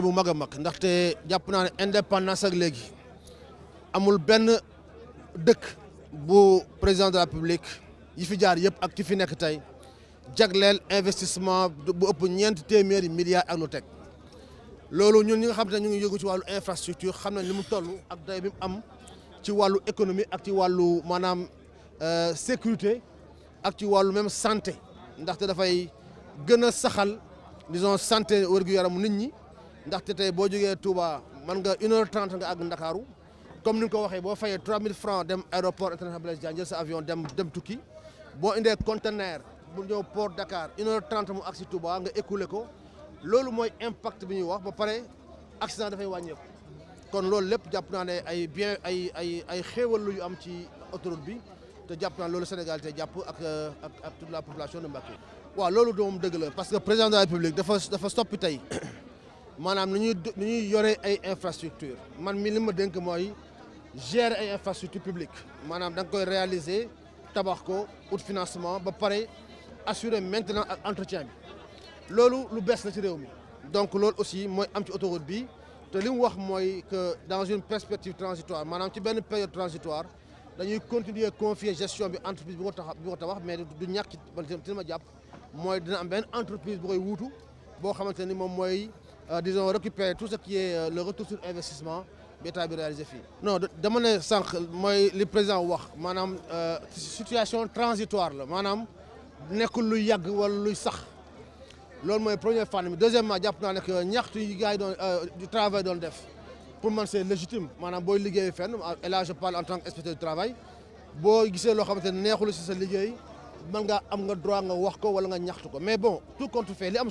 mbégte bu mag a ndaxte jàpp naa indépendance ak léegi amul ben deuk bu président de la République yi fi jaar yëpp ak ci fi nek tay jagleel investissement bu upp ñent téeméeri milliards ak lu tek lolu ñun ñi nga xam te ñu ngi yëngu ci walu infrastructure xam nañ li mu ak day bi mu am ci walu économie ak ci walu manam euh sécurité ak ci walu même santé ndaxte da fay a saxal disons santé wér-gu-yaramu nit ñi ndaxte tay bo jógee Touba man nga 1h30 nga ag Ndakaaru comme ni nga ko waxee boo fayee 3000 francs dem aéroport international Blaise Diagne sa avion dem dem tukki bo indé conteneur bu ñëw port Dakar 1h30 mu agsi Touba nga écouler ko lolu moy impact bi ñu wax ba paré accident da fay wàññeeku kon lolu lepp japp na né ay bien ay ay ay xéewal lu yu am ci autoroute bi te japp na lolu Sénégal té japp ak ak toute la population de Mbacké wa lolu doom deug la parce que président de la République dafa dafa stoppi tay manam nous ñuy ñuy ay infrastructure man mi li ma dénk gérer ay infrastructure publique manam dang koy réaliser tabax ko out financement ba paré assurer maintenant entretien bi loolu lu bess na ci réew mi donc loolu aussi moy am ci autoroute bi te lim wax moy que dans une perspective transitoire manam ci une période transitoire dañuy continuer confier gestion bi entreprise bi ko tax bi ko tabax mais du ñàkk ci ma jàpp dina am entreprise bu koy wuutu boo xamante ni euh, disons récupérer tout ce qui est euh, le retour sur investissement bêta réalisé non président wax euh, situation transitoire wala sax deuxièmement travail pour c'est légitime ah, et là je parle en tant qu'inspecteur du travail Je suis neexul ci sa nga am nga droit nga wax ko wala nga mais bon tout compte fait li am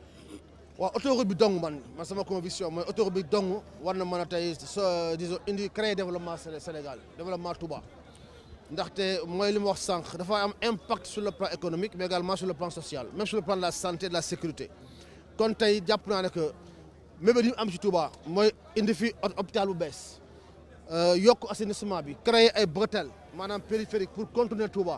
waaw autoroute bi dong man ma sama conviction mooy autoroute bi dong war na mën a tey disons indi créer développement Sénégal développement Touba ndaxte mooy li mu wax sànq dafa am impact sur le plan économique mais également sur le plan social même sur le plan de la santé de la sécurité kon tey jàpp naa ne que mébét yi am ci Touba mooy indi fi hôpital bu bees euh, yokk assainissement bi créer ay bretel maanaam périphérique pour contourner Touba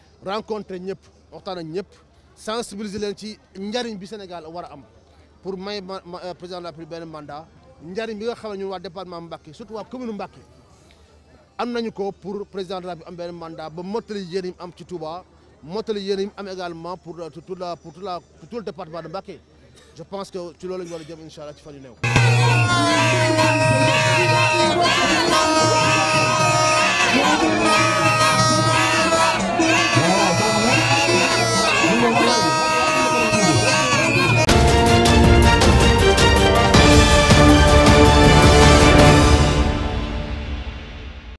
rencontrer ñep waxtana ñep sensibiliser len ci njariñ bi Sénégal wara am pour may euh, président de la République benn mandat njariñ bi nga xam ne ñun waa département Mbacké surtout wa commune Mbacké am nañu ko pour président de la République am benn mandat ba mottali yéen am ci Touba mottali yéen am également pour euh, tout la pour tout la pour tout le département de Mbacké je pense que tu loolu la ñu war jëm incha ci fa ñew